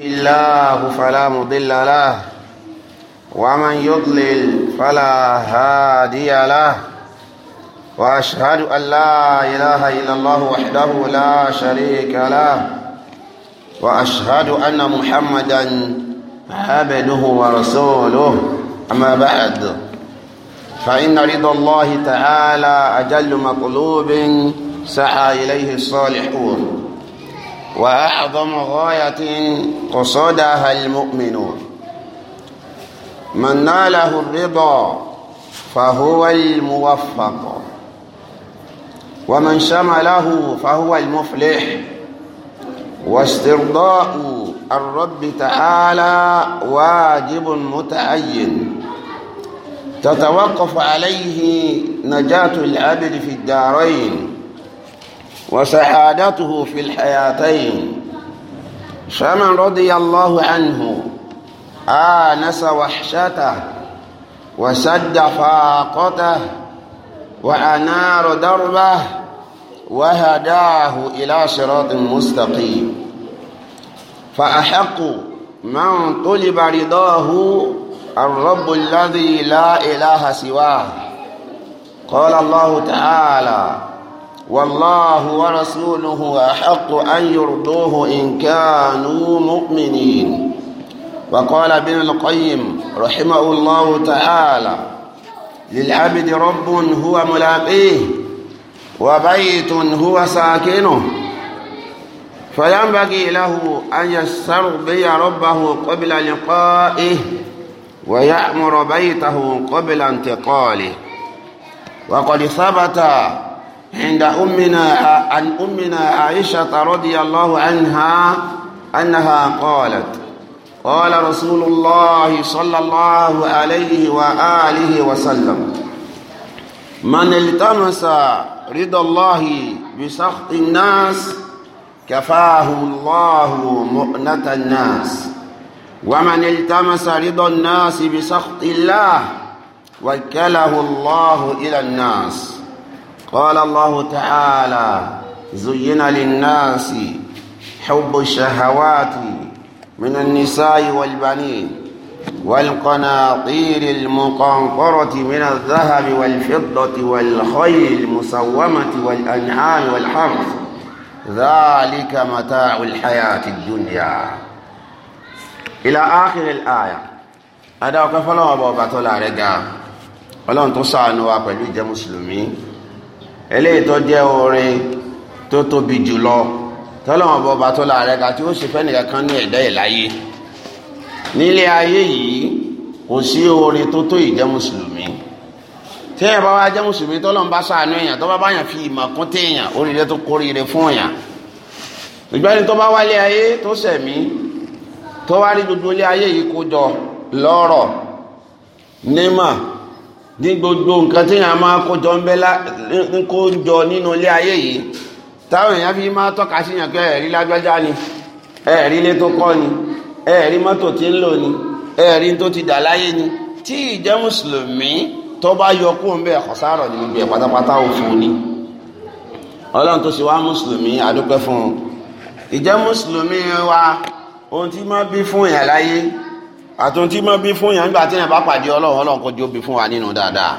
الله فلا مضل له ومن يضلل فلا هادي له واشهد ان لا اله الا الله وحده لا شريك له واشهد ان محمدا عبده ورسوله اما بعد فان رضا الله تعالى اجل مطلوب سعى اليه الصالحون وأعظم غاية قصدها المؤمنون من ناله الرضا فهو الموفق ومن شمله فهو المفلح واسترضاء الرب تعالى واجب متعين تتوقف عليه نجاة العبد في الدارين وسعادته في الحياتين فمن رضي الله عنه آنس وحشته وسد فاقته وأنار دربه وهداه إلى صراط مستقيم فأحق من طلب رضاه الرب الذي لا إله سواه قال الله تعالى والله ورسوله أحق أن يرضوه إن كانوا مؤمنين وقال ابن القيم رحمه الله تعالى للعبد رب هو ملاقيه وبيت هو ساكنه فينبغي له أن يسترضي ربه قبل لقائه ويأمر بيته قبل انتقاله وقد ثبت عند أمنا عن أمنا عائشة رضي الله عنها أنها قالت قال رسول الله صلى الله عليه وآله وسلم من التمس رضا الله بسخط الناس كفاه الله مؤنة الناس ومن التمس رضا الناس بسخط الله وكله الله إلى الناس قال الله تعالى زين للناس حب الشهوات من النساء والبنين والقناطير المقنطرة من الذهب والفضة والخيل المسومة والأنعام والحرث ذلك متاع الحياة الدنيا إلى آخر الآية أدعوك فلو أبو بطل رجاء أنتو تصعنوا أبو جمسلمين eléyìí tó jẹ́ oore tó tóbi jùlọ tọ́lọ́wọ́n bọba tó la rẹ̀ ká tí ó sì fẹ́ nìkan kan ní ẹ̀dá ìláyé nílé ayé yìí kò sí oore tó tó ìjẹ́ mùsùlùmí tí ẹ bá wá jẹ́ mùsùlùmí tọ́lọ́wọ́n bá ṣàánú èèyàn tó bá bá yàn fi ìmọ̀ kún téèyàn oríire tó kórìíre fún èèyàn ìgbẹ́ni tó bá wálé ayé tó sẹ̀mí tó wá rí gbogbo ilé ayé yìí kó jọ lọ́rọ̀ nímọ̀ ní gbogbo nǹkan tí yàn máa kójọ ń bẹ́ nínú ilé ayé yìí táwọn èèyàn fi máa tọ́ka sí yàn pé ẹ̀rí lágbájá ni ẹ̀rí ilé tó kọ́ ni ẹ̀rí mọ́tò tí ń lò ni ẹ̀rí tó ti dà láyé ni tí ìjẹ́ mùsùlùmí tó yọ kó ń bẹ́ ẹ̀ pátápátá ni ọlọ́run tó wá mùsùlùmí àdúpẹ́ fún un ìjẹ́ mùsùlùmí wa ohun tí máa bí fún láyé àtún tí mọ́ bí fún yàn nígbà tí yàn bá pàdé ọlọ́run ọlọ́run kò jó bí fún wa nínú dáadáa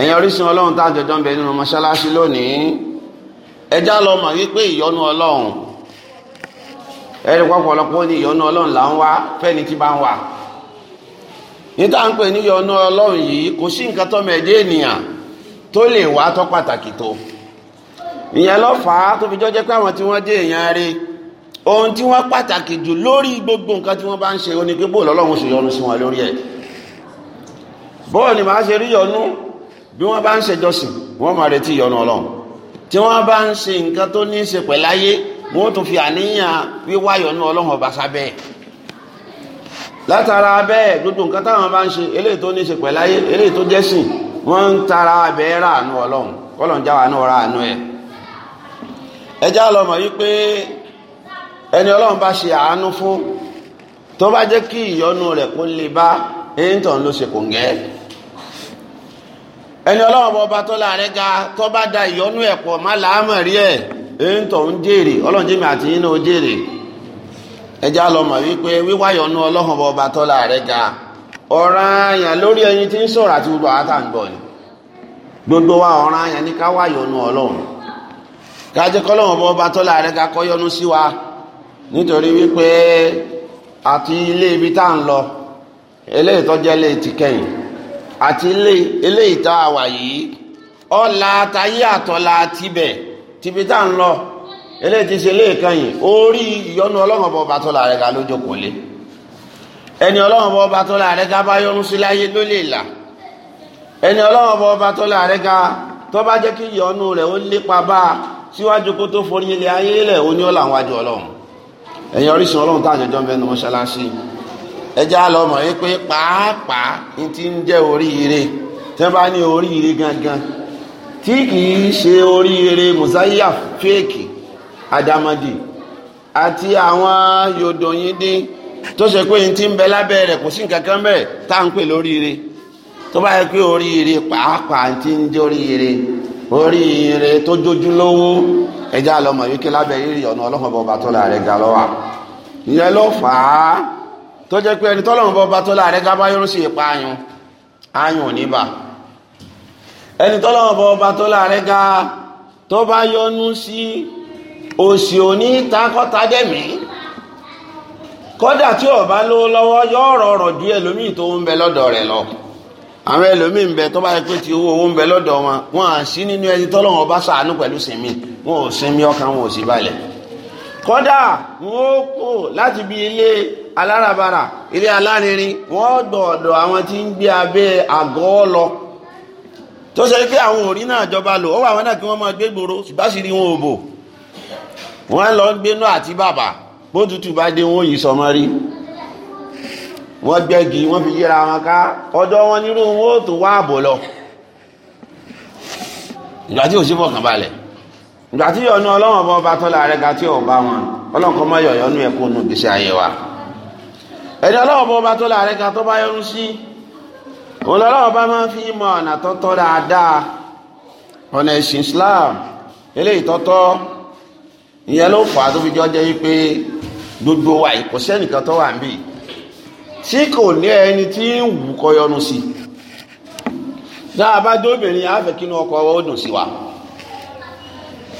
ẹ̀yin orísun ọlọ́run tá àjọjọ́ ń bẹ nínú mọ́ṣáláṣí lónìí ẹjá lọ mọ̀ wípé ìyọ́nú ọlọ́run ẹni pọ̀pọ̀lọpọ̀ ní ìyọ́nú ọlọ́run là ń wá fẹ́ni tí bá ń wà níta ń ní ìyọ́nú ọlọ́run yìí kò sí nǹkan tọ́mọ ẹ̀dẹ́ ènìyàn tó lè wá tọ́ pàtàkì tó ìyẹn ló fà á tó fi jọ́ jẹ́ pé àwọn tí wọ́n dé èèyàn rí ohun tí wọ́n pàtàkì jù lórí gbogbo nǹkan tí wọ́n bá ń ṣe ó ní pé bóòlù ọlọ́run ṣe yọ́nú sí wọn lórí ẹ̀ bóòlù ni màá ṣe rí yọ́nú bí wọ́n bá ń ṣèjọsìn wọ́n máa retí yọ́nú ọlọ́run tí wọ́n bá ń ṣe nǹkan tó ní í ṣe pẹ̀láyé wọ́n tún fi àníyàn wíwá yọ́nú ọlọ́run ọba sábẹ́ ẹ̀ látara bẹ́ẹ̀ gbogbo nǹkan táwọn bá ń ṣe eléyìí tó ní ṣe pẹ̀láyé eléyìí ẹni ọlọ́run bá ṣe àánú fún tó bá jẹ́ kí ìyọnu rẹ̀ kó le bá ló ṣe kò ń gẹ́ ẹni ọlọ́run tó ga tó bá da ìyọnu ẹ̀ pọ̀ má làámọ̀ rí ẹ̀ ẹ̀ńtọ̀n jèrè ọlọ́run jẹ́mi àti jèrè wípé wíwá ìyọnu ọlọ́run bọ́ bá tó láàrẹ́ ga ọ̀ràn àti gbogbo àwọn àtàǹgbọ̀ ni gbogbo wa ọ̀ràn àyàn ní ká wá nítorí wípé àti ilé ibi tá ń lọ eléyìí tó jẹ́ ilé ti kẹ́yìn àti eléyìí tá a wà yìí ọ̀la tayé àtọ̀la tibẹ̀ tibi tá ń lọ eléyìí ti ṣe eléyìí kẹ́yìn orí ìyọnu ọlọ́run la rẹ̀ ká kole jókòó lé la rẹ̀ ká bá yọrun sí láyé ló lè la rẹ̀ ká tó bá jẹ́ kí ìyọnu rẹ̀ ó lépa bá síwájú kó tó forí ayé ẹ̀yin orísun ọlọ́run tá àjọjọ́ mẹ́nu mọ́ṣáláṣí ẹjẹ́ á lọ pé pàápàá ní ti ń oríire tí bá ní oríire gangan tí kìí ṣe oríire mùsáyà fèèkì àdàmọ̀dì àti àwọn yòdòyìndín tó ṣe pé ní ti ń bẹ kò sí nǹkan kan tá à ń pè lóríire tó bá yẹ pé oríire pàápàá ti ń oríire oríire tó ẹjá lọmọ yìí kí lábẹ́ yìí ọ̀nà ọlọ́mọ bọba tó la rẹ̀ ga lọ́wà ìyẹn ló fà á tó pé ẹni tọ́lọ́mọ bọba tó la rẹ̀ ga bá yọrù sí ipa ayùn ayùn ò ní bà ẹni tọ́lọ́mọ bọba tó la rẹ̀ ga tó bá yọnu sí òsì òní takọ́tadẹ́mí kódà tí ó bá lówó lọ́wọ́ yọ ọ̀rọ̀ ọ̀rọ̀ ju ẹlòmíì tó bẹ lọ́dọ̀ rẹ̀ lọ àwọn ẹlòmíì ń bẹ tó bá yẹ pé ti owó owó ń bẹ lọ́dọ̀ wọn wọn à sí nínú ẹni tọ́lọ́wọ́n bá ṣàánú pẹ̀lú sinmi wọn ò sinmi ọkàn wọn ò sì balẹ̀ kódà wọn ó kò láti bí ilé alárabara ilé alárinrin wọn gbọ́dọ̀ àwọn tí ń gbé abẹ́ àgọ́ lọ tó ṣe pé àwọn òrí náà jọba lò ó wà wọn náà kí wọn máa gbé gbòòrò ṣùgbọ́n sì rí wọn ò bò wọn lọ gbénú àti bàbà bó tutù bá dé wọn yìí sọmọ rí wọ́n gbẹ́gi wọ́n fi yíra wọn ká ọjọ́ wọn nírú wọn ó wá àbò lọ ìgbà tí ò sí fọkàn balẹ̀ ìgbà tí yọnu ọlọ́wọ́n bọ́ bá tọ́lá rẹ̀ ga tí ò bá wọn ọlọ́nkọ́ mọ́ yọ̀ yọnu ẹ̀kọ́ nù gbèsè ayé wa ẹni ọlọ́wọ́n bọ́ bá tọ́lá rẹ̀ ga tó bá yọnu sí òun lọ́wọ́ bá máa fi mọ ọ̀nà tọ́tọ́ dáadáa ọ̀nà ẹ̀sìn Islam eléyìí tọ́tọ́ ìyẹn ló fà á tó fi jọ jẹ́ wípé gbogbo wa kò sẹ́nìkan tó wà níbí tí kò ní ẹni tí ń wù kọyọnu sí tá a bá jẹ́ obìnrin àfẹ́kínú ọkọ ọwọ́ dùn sí wa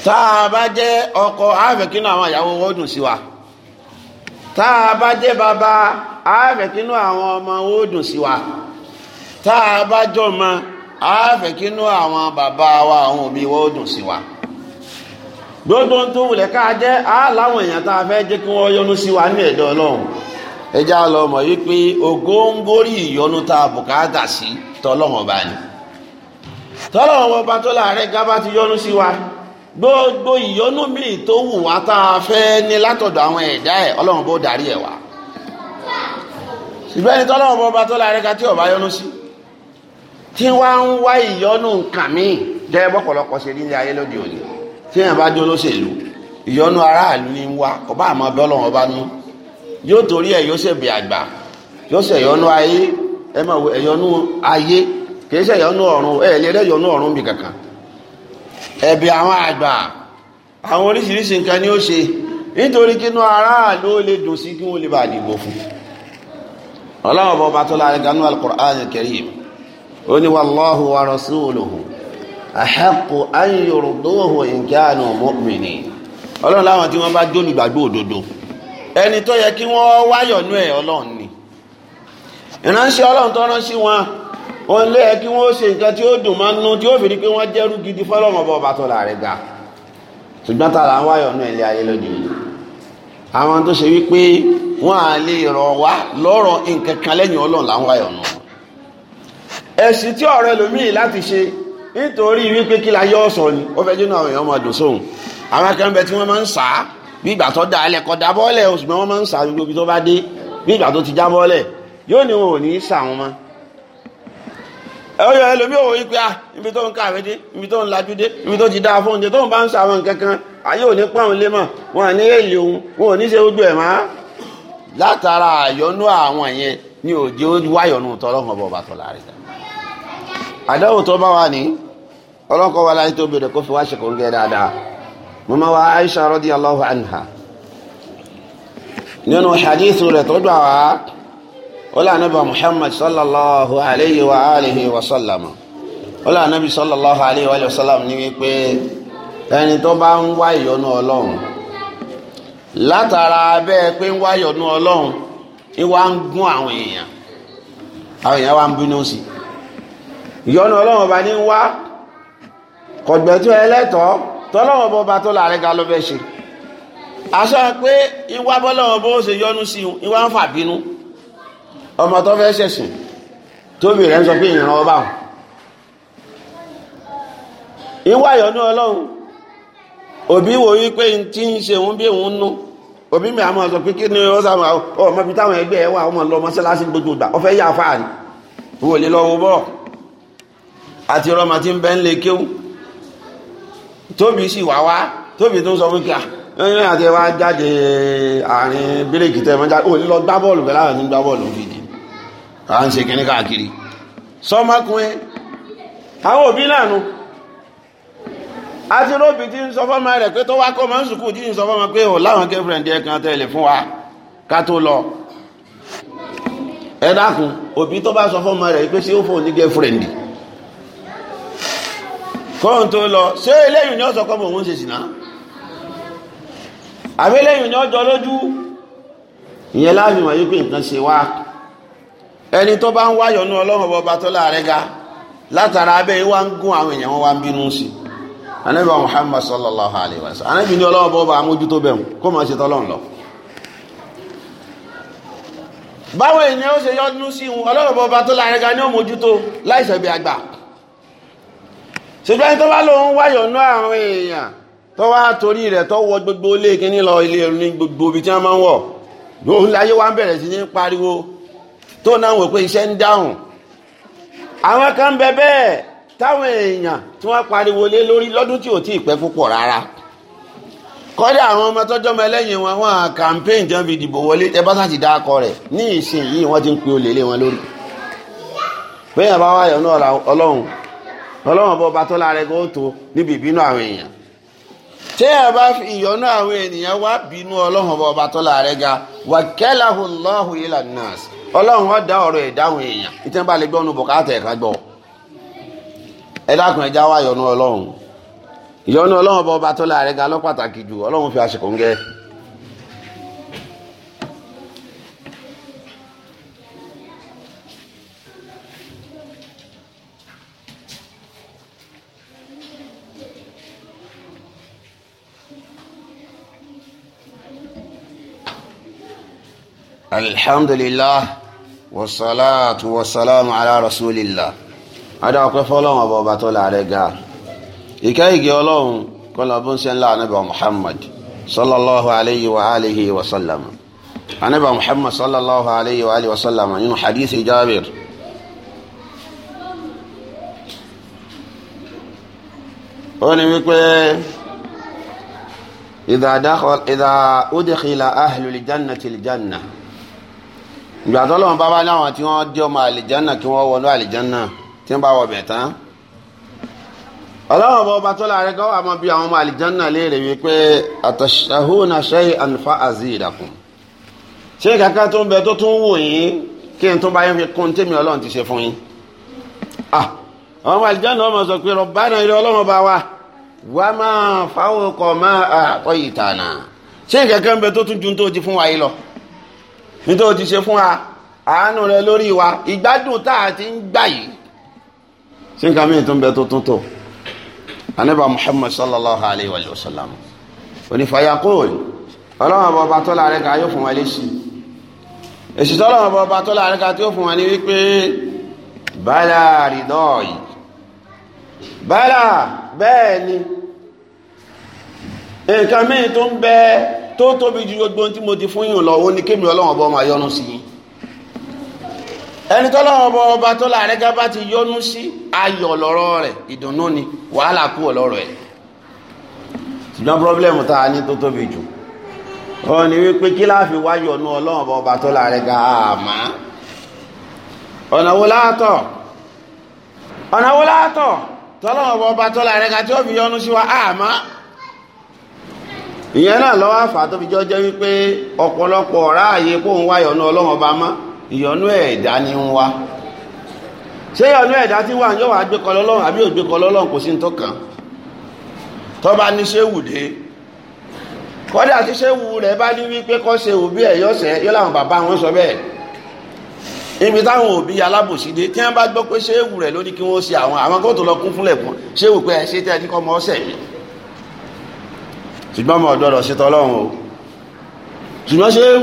tá a bá jẹ́ ọkọ àfẹ́kínú àwọn àyàwó ọwọ́ dùn sí wa tá a bá jẹ́ bàbá àwọn ọmọ ọwọ́ dùn sí wa tá a bá jọ ọmọ àwọn bàbá dùn sí wa gbogbo tó wulẹ̀ ká jẹ́ èèyàn tá a fẹ́ jẹ́ kí wọ́n wa ní ẹjá lọ mọ̀ wípé ogóńgórí ìyọnu tá a bùkátà sí tọ́lọ́wọ̀n ọba ni tọ́lọ́wọ̀n ọba tó láàárẹ̀ gábá ti yọnu sí wa gbogbo ìyọnu míì tó wù wá tá a fẹ́ ní látọ̀dọ̀ àwọn ẹ̀dá ẹ̀ ọlọ́run bó darí ẹ̀ wá ṣùgbọ́n ẹni tọ́lọ́wọ̀n ọba tó láàárẹ̀ ká tí ọba yọnu sí tí wá ń wá ìyọnu nǹkan míì jẹ́ bọ́pọ̀lọpọ̀ ṣe nílé ayé lóde òní tí èèyàn bá jó lóṣèlú ìyọnu aráàlú ni wá ọba àmọ́ ọbẹ̀ ọlọ́run ọba nú yóò torí ẹ̀ yóò ṣèbí àgbà yóò ṣèyọnú ayé ẹ máa wo ẹ̀yọnú ayé kìí ṣèyọnú ọ̀run ẹ̀ lè rẹ́yọnú ọ̀run bì kankan ẹ̀bì àwọn àgbà àwọn oríṣiríṣi nǹkan ni ó ṣe nítorí kínú aráàlú ó lè dùn sí kí wọ́n lè bá dìbò fún ọlọ́run bọ́ bá tó láàrin ganú al-Qur'an al-Karim ó ní wallahu wa rasuluhu ahaqqu an yurduhu in kanu mu'minin ọlọ́run láwọn tí wọ́n bá jólùgbàgbọ́ òdodo ẹni tó yẹ kí wọ́n wáyọ̀nú ẹ̀ ọlọ́run ni ìránṣẹ́ ọlọ́run tó ránṣẹ́ wọn wọn lé ẹ kí wọ́n ṣe nǹkan tí ó dùn máa nú tí ó fi di pé wọ́n jẹ́rú gidi fọlọ́run ọba ọba tó là rẹ̀ ga ṣùgbọ́n tààrà ń wáyọ̀nú ẹ̀ lé ayé lóde òní àwọn tó ṣe wípé wọn à lè rọ̀ wá lọ́rọ̀ nǹkan kan lẹ́yìn ọlọ́run là ń wáyọ̀nú ẹ̀sìn tí ọ̀rọ̀ ẹlòmíì láti ṣe nítorí wípé kí la yọ ọ̀sán ni ó fẹ́ jẹ́ àwọn èèyàn máa dùn sóhun àwọn akẹ́kọ̀ọ́ tí wọ́n máa ń sàá bí ìgbà tó dá alẹ́ kọ́ dábọ́lẹ̀ ṣùgbọ́n wọ́n máa ń sà gbogbo ibi tó bá dé bí ìgbà tó ti jábọ́lẹ̀ yóò ní wọn ò ní í sà wọn mọ́. ẹ̀rọ ẹlòmíì òwò ipe a ah, ibi tó ń kàwé dé ibi tó ń lajú dé ibi tó ti dá fóúnjẹ tó ń bá ń sà wọn kankan ayé ò ní pọ́n lé mọ̀ wọn à ní èlé òun wọn ò ní ṣe ojú ẹ̀ mọ́. látara àyọnú àwọn yẹn ni òjò wáyọnú tọ́lọ́kàn bọ̀ bàtọ̀ láàrin àdáwò tó bá wà ní ọlọ́kọ̀ wa láyé tó bèrè mọ́mọ́ wa Aisha radiyallahu anha nínú hadith rẹ̀ tó gbà wá ọlá anábà Muhammad sallallahu alayhi wa alihi wa sallam ọlá anábì sallallahu alayhi wa sallam ní wípé ẹni tó bá ń wá ìyọ́nú Ọlọ́run látara bẹ́ẹ̀ pé ń wá ìyọ́nú Ọlọ́run ń wá ń gún àwọn èèyàn àwọn èèyàn wá ń bínú sí ìyọ́nú Ọlọ́run ọba ní wá kọ̀gbẹ́tú ẹlẹ́tọ̀ọ́ tọ́lọ́wọ́ bọ́ bá tó láàrin ga ló fẹ́ ṣe aṣọ pé ìwà bọ́lọ́wọ́ bó ṣe yọnu sí ìwà ń fàbínú ọmọ tó fẹ́ ṣẹ̀sìn tóbi rẹ̀ ń sọ pé ìran ọba ìwà yọnu ọlọ́run òbí wo yí pé n tí ń ṣe òun bí òun nú òbí mi àmọ́ sọ pé kí ni ó sàmà ọmọ ibi táwọn ẹgbẹ́ ẹ wà ọmọ lọ mọ́ṣáláṣí gbogbo ìgbà ó fẹ́ yà fáà ni wò lè lọ wo bọ́ọ̀ àti rọmọ tí ń bẹ́ ń le kéwù tóbi sì wá wá tóbi tó sọ wípé ẹni àti ẹ wá jáde àárín bíríkì tẹ mọ́jà ò lọ gbá bọ́ọ̀lù pẹ̀lú àwọn ìgbà bọ́ọ̀lù fìdí à ń ṣe kíní káàkiri sọmọkùnrin àwọn òbí lànà àti róbì tí ń sọ fọ́mọ rẹ̀ pé tó wá kọ́ máa ń sùkúù tí ń sọ fọ́mọ pé ò láwọn girlfriend ẹ kan tẹ̀lé fún wa ká tó lọ ẹ dákun òbí tó bá sọ fọ́mọ rẹ̀ pé ṣé ó fò ní girlfriend yìí kóhùn tó lọ ṣé eléyìn sọ òun ṣe sì àbẹ́lẹ́yìn ni ó lójú ìyẹn láàfin ṣe wá ẹni tó bá ń wáyọ̀ ní ọlọ́run tó láàrẹ́ ga látara abẹ́ wá ń gún àwọn èèyàn wọn wá ń bínú sí anábì Muhammad sallallahu alayhi wa sallam anábì ní ọlọ́run bẹ̀rù kó ṣe tọ́lọ́run lọ èèyàn ó ṣe sí wọn ọmọ ṣùgbọ́n tó bá lòun wáyọ̀ ní àwọn èèyàn tó wá torí rẹ̀ tó wọ gbogbo ilé kíní lọ ilé ní gbogbo ibi tí wọ́n máa ń wọ̀ lóhun láyé wá ń bẹ̀rẹ̀ sí ní pariwo tó náà wò pé iṣẹ́ ń dáhùn àwọn kan bẹ bẹ́ẹ̀ táwọn èèyàn tí wọ́n pariwo lé lórí lọ́dún tí ò tí ì pẹ́ púpọ̀ rárá kọ́dà àwọn ọmọ tọ́jọ́ ọmọ ẹlẹ́yìn wọn wọn campaign jẹun fi dìbò wọlé ẹ bá sáà ti dá akọ rẹ̀ ní ìsìn yìí wọ́n ti ń pe olè lé wọn lórí bẹ́ẹ̀ bá wáyọ̀ náà ọlọ́run ọlọ́run bọ́ ọba tó lára ẹgbẹ́ ó tó níbi ìbínú àwọn èèyàn tí ẹ bá fi ìyọnú àwọn ènìyàn wá bínú ọlọ́run bọ́ ọba tó lára ẹga wà kẹ́láhù lọ́hù ilà nas ọlọ́run ọ̀dà ọ̀rọ̀ ẹ̀dá àwọn èèyàn ìtẹ́ bá lè gbọ́ ọ̀nù bùkátà ẹ̀ka gbọ́ ẹ dákun ẹja wá ìyọnú ọlọ́run ìyọnú ọlọ́run bọ́ ọba tó lára ẹga lọ́pàtàkì jù ọlọ́run fi àṣekùn alhamdulillah wasalaatu wasalaamu ala rasulillah adá ọpẹ́ fọ́lọ́run ọba ọba tó láàrẹ ga ìkẹ́ ìgẹ́ Ọlọ́run kọlọ bó ń ṣe ńlá anábà muhammad sallallahu alayhi wa alihi wa sallam anábà muhammad sallallahu alayhi wa alihi wa sallam nínú hadithi jabir ó ní wípé idha udkhila ahlul jannati jannah ìgbà tó lọ́wọ́n bábá ní àwọn tí wọ́n jẹ́ ọmọ àlìjánà kí wọ́n wọnú àlìjánà tí wọ́n bá wọ bẹ̀ tán ọlọ́wọ́n bá ọba tó láàrẹ kọ́ àmọ́ bí àwọn ọmọ àlìjánà léèrè wípé àtàṣàhùn àṣẹ ànfà àzídàkùn ṣé kàkà tó ń bẹ tó tún wò yín kí n tó bá yín fi kún tèmi ọlọ́run ti ṣe fún yín ah àwọn ọmọ àlìjánà ọmọ sọ pé rọ̀bánà ilé ọlọ́run bá wa wà máa fáwọn ọkọ̀ máa àtọ́yìtànà nítorí o ti ṣe fún wa àánú rẹ lórí wa ìgbádùn tá a ti ń gbà yìí sí nǹkan mìíràn tó ń bẹ tó tún tó anábà muhammad sallallahu alayhi wa sallam onífàyàkóòlù ọlọ́run ọba tó láàrin ká yóò fún wa léṣi èsì tọ́lọ́run ọba tó láàrin ká tí fún wa ní wípé bala ridọ́ọ̀yì bala bẹ́ẹ̀ ni nǹkan mìíràn tó bẹ́ẹ̀ tó tóbi ju gbogbo tí mo ti fún yìí lọ ó ní kémi ọlọ́wọ́n ọba máa yọ́nú sí yín ẹni tó lọ́wọ́ ọba ọba tó láàrẹ́ gábá ti yọ́nú sí ayọ̀ lọ́rọ̀ rẹ̀ ìdùnnú ni wàhálà kú ọ̀lọ́rọ̀ ẹ̀ ṣùgbọ́n pírọ́blẹ́mù tá a ní tó tóbi jù ó ní wípé kí láàfi wáyọ̀ nú ọlọ́wọ́n ọba ọba tó láàrẹ́ gàmá ọ̀nà wo láàtọ̀ ọ̀nà wo láàtọ̀ tọ́lọ́wọ́n ọba tó láàrẹ́ gà tí ó fi yọ́nú sí wa àmọ́ ìyẹn náà lọ́wọ́ àfà tó fi jọ jẹ́ wípé ọ̀pọ̀lọpọ̀ ráàyè kó ń wá ìyọ̀nú ọlọ́run ọba mọ́ ìyọ̀nú ẹ̀dá ni ń wá ṣé ìyọ̀nú ẹ̀dá tí wà ń yọ̀wà gbẹ́kọ̀ lọ́lọ́run àbí ògbẹ́kọ̀ lọ́lọ́run kò sí ní tọ́kàn tó bá ní ṣéwù dé kọ́dà tí ṣéwù rẹ̀ bá ní wípé kọ́ ṣe òbí ẹ̀ yọ̀sẹ̀ yọ láwọn bàbá wọn sọ bẹ́ẹ̀ ibi táwọn òbí alábòsí dé tí wọ́n bá gbọ́ pé ṣéwù rẹ̀ ló ní kí wọ́n ṣe àwọn àwọn kó tó lọ kún fúnlẹ̀ fún ṣéwù pé ẹ ṣe tẹ́ ẹ ní kọ́ mọ́ ọ̀sẹ̀ yìí ṣùgbọ́n mọ̀ ọ̀dọ́rọ̀ ṣe tọ́lọ́run o ṣùgbọ́n ṣe éwù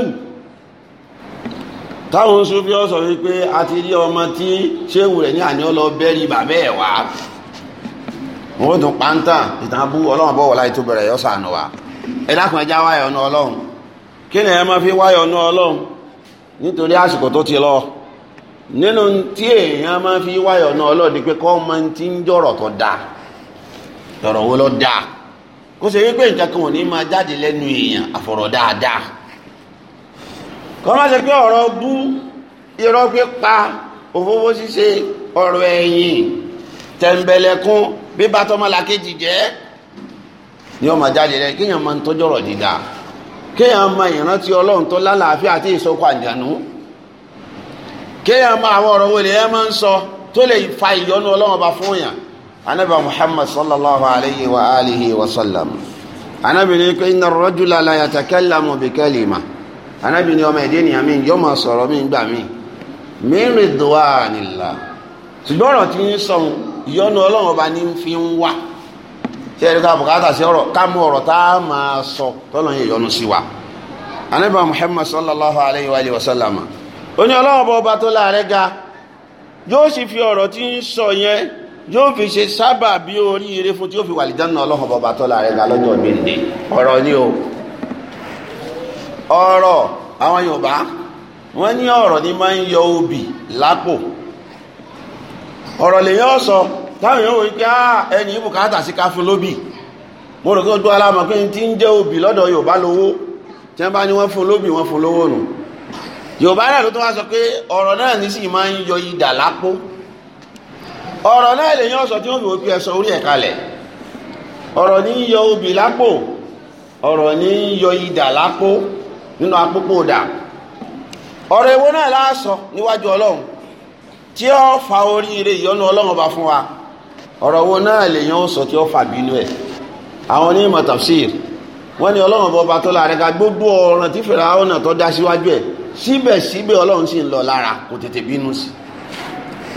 táwọn Sufi sọ wípé a ti rí ọmọ tí ṣéwù rẹ̀ ní àní ọlọ bẹ́rí bàbẹ́ ẹ̀ wá wọ́n tún pàǹtà ìtàn abú ọlọ́run bọ̀ wọ́lá ètò bẹ̀rẹ̀ yọ sànù wa ẹ dákun ẹja wáyọ̀ ọ̀nà ọlọ́run kí ni ẹ máa fi wáyọ̀ ọ̀nà ọlọ́run nítorí àsìkò tó ti lọ nínú tí èèyàn máa fi wáyọ̀ ọ̀nà ọlọ́run ni pé kọ́ ọmọ ti ń jọ̀rọ̀ tó dáa jọ̀rọ̀ wo ló dáa kó ṣe wípé nǹkan kan ò ní máa jáde lẹ́nu èèyàn àfọ̀rọ̀ dáadáa kọ́ má ṣe pé ọ̀rọ̀ bú irọ́ pípa òfófó ṣíṣe ọ̀rọ̀ ẹ̀yìn tẹ̀m̀bẹ̀lẹ̀kún bíbá tọmọlàkejì jẹ́ ni ó máa jáde lẹ́nu kéèyàn máa ń tọ́jọ́rọ̀ dídá kéèyàn máa ìrántí ọlọ́run tó lálàáfíà àti ìsọkọ àjànú kéèyàn máa àwọn ọ̀rọ̀ wọlé ẹ máa ń sọ tó lè fa ìyọnu ọlọ́run ọba fún yàn anábà muhammad sallallahu alayhi wa alihi wa sallam anábì ní pé inna ar-rajula la yatakallamu bi kalima anábì ní ọmọ ẹ̀dẹ́ nìyà mi yóò máa sọ̀rọ̀ mi gbà mí min ridwanillah ṣùgbọ́n ọ̀rọ̀ tí ń sọ ìyọ́nú ọlọ́run ọba fi ń wà ṣé ẹ̀rí ká bùkátà sí ọ̀rọ̀ ká mú ọ̀rọ̀ tá a máa sọ tọ́lọ́ wa anábì muhammad sallallahu alayhi wa sallam ó ní ọlọ́run ọba tó láàrẹ́ ga yóò fi ọ̀rọ̀ tí ń sọ yóò fi ṣe sábà bí oríire fún tí yóò fi wà lìjánà ọlọ́run bọ̀bà tọ́lá rẹ̀ ga lọ́jọ́ gbèǹde ọ̀rọ̀ ni o ọ̀rọ̀ àwọn yorùbá wọ́n ní ọ̀rọ̀ ni máa ń yọ obì lápò ọ̀rọ̀ lèyàn sọ táwọn yóò wí pé ẹni bùkátà sí ká fún lóbì mo rò kí ó dún alámọ̀ pé ti ń jẹ́ obì lọ́dọ̀ yorùbá lówó tí wọ́n bá ní wọ́n fún lóbì wọ́n fún lówó nù yorùbá náà ló tó wá sọ pé ọ̀rọ̀ náà ní sì máa ń yọ idà lápò ọ̀rọ̀ náà lèyàn sọ tí ó fi wípé ẹsọ orí ẹ̀ kalẹ̀ ọ̀rọ̀ ní yọ obì lápò ọ̀rọ̀ ní yọ idà lápò nínú apópó dà ọ̀rọ̀ èwo náà láàsọ níwájú ọlọ́run tí ó fa oríire ìyọ́nú ọlọ́run ọba fún wa ọ̀rọ̀ wo náà lèyàn sọ tí ó fà bínú ẹ̀ àwọn onímọ̀ tafsir wọ́n ní ọlọ́run ọba tó láàrin ká gbogbo ọ̀ràn tí Fáráò tó dá síwájú ẹ̀ síbẹ̀síbẹ̀ ọlọ́run sì ń lọ lára kò tètè bínú sí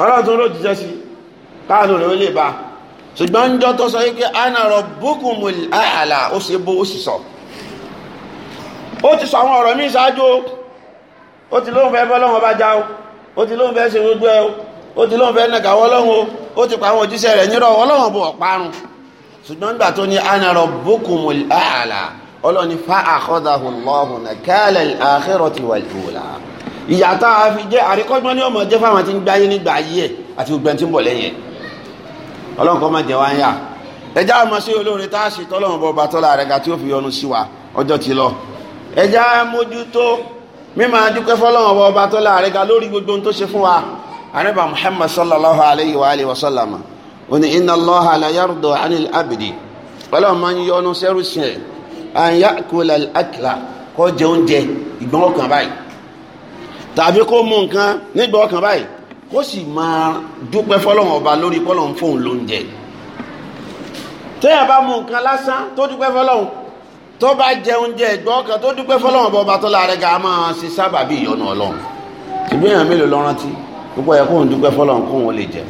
ọlọ́run tó ló jíjẹ́ sí i káàánú rẹ̀ ó lè bá ṣùgbọ́n ń jọ́ tó sọ wípé ana rabbukumul a'la ó sì bó ó sì sọ ó ti sọ àwọn ọ̀rọ̀ míì ṣáájú ó ti lóun fẹ́ bọ́ lọ́wọ́ bá já o ó ti lóun fẹ́ ṣe gbogbo ẹ o ó ti lóun fẹ́ nàgàwọ́ lọ́wọ́ ó ti pa àwọn òjíṣẹ́ rẹ̀ nírọ̀ ọlọ́wọ́n bò ọ̀parun ṣùgbọ́n nígbà tó ní ana rabbukumul a'la ọlọ́ni fa akhadahu Allahu nakala al-akhirati wal-ula ìyàtọ̀ àfi jẹ́ àríkọ́gbọ́n ní ọmọ fáwọn tí ń gbáyé nígbà ayé ẹ̀ àti gbogbo ẹni tí ń bọ̀ lẹ́yìn ẹ̀ ọlọ́run kọ́ má jẹ wá ń yà ẹjá àmọ́ sí olóore tá a ṣe tọ́lọ́run bọ́ bàtọ́lá rẹ̀ ga tí ó fi yọ́nú sí wa ọjọ́ ti lọ ẹjá mójútó mímọ adúpẹ́ fọ́lọ́run bọ́ bàtọ́lá rẹ̀ ga lórí gbogbo ohun tó ṣe fún wa anábà muhammad sallallahu alayhi wa alayhi wa sallam ó ní inna allaha la yardo anil abdi ọlọ́run máa ń yọ́nú sẹ́rù sí ẹ̀ an yakula akla kó jẹ oúnjẹ ìgbọ́n ọkàn báyìí tàbí kó mú nǹkan nígbà ọkàn báyìí kó sì máa dúpẹ́ fọlọ́run ọba lórí fọlọ́run fóun lóúnjẹ téèyàn bá mú nǹkan lásán tó dúpẹ́ fọlọ́run tó bá jẹ oúnjẹ ẹ̀gbọ́n kan tó dúpẹ́ fọlọ́run ọba tó lára ga máa ṣe sábà bí ìyọnu ọlọ́run ṣùgbọ́n èèyàn mélòó lọ́rán tí púpọ̀ yẹ kóun dúpẹ́ fọlọ́run kóun lè jẹ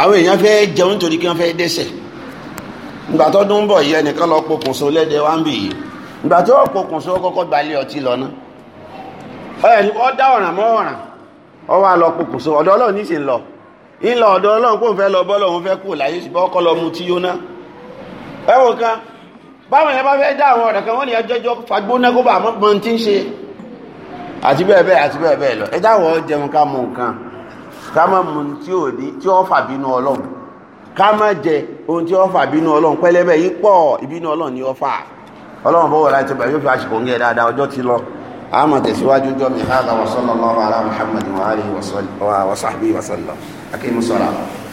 àwọn èèyàn fẹ́ jẹun nítorí kí wọ́n fẹ́ dẹ́sẹ̀ ìgbà tó dún bọ̀ yìí ẹnìkan lọ pokùnso lẹ́dẹ̀ẹ́ wá ń bì yìí ìgbà tó pokùnso kọ́kọ́ gbalẹ̀ ọtí lọ ná ọ̀rẹ́ ni wọ́n dá ọ̀ràn mọ́ ọ̀ràn ọ wá lọ pokùnso ọ̀dọ̀ ọlọ́run ní sì lọ ńlọ ọ̀dọ̀ ọlọ́run kó fẹ́ lọ fẹ́ kú láyé ṣùgbọ́n ọkọ lọ mu tí yóná ẹwọ kan báwọn yẹn bá fẹ́ dá àwọn kan wọ́n fagbóná kó bá mọ́ ń ṣe àti bẹ́ẹ̀ bẹ́ẹ̀ àti jẹun ká mọ nǹkan ká má mu tí ò ní tí ó fà bínú ọlọ́run ohun tí ó fà bínú ọlọ́run pẹ́lẹ́bẹ́ yìí pọ̀ ni àmọ̀ tẹ̀síwájú jọ mi hàgà wa sallallahu ala muhammad wa alihi wa sahbihi wa sallam akéwì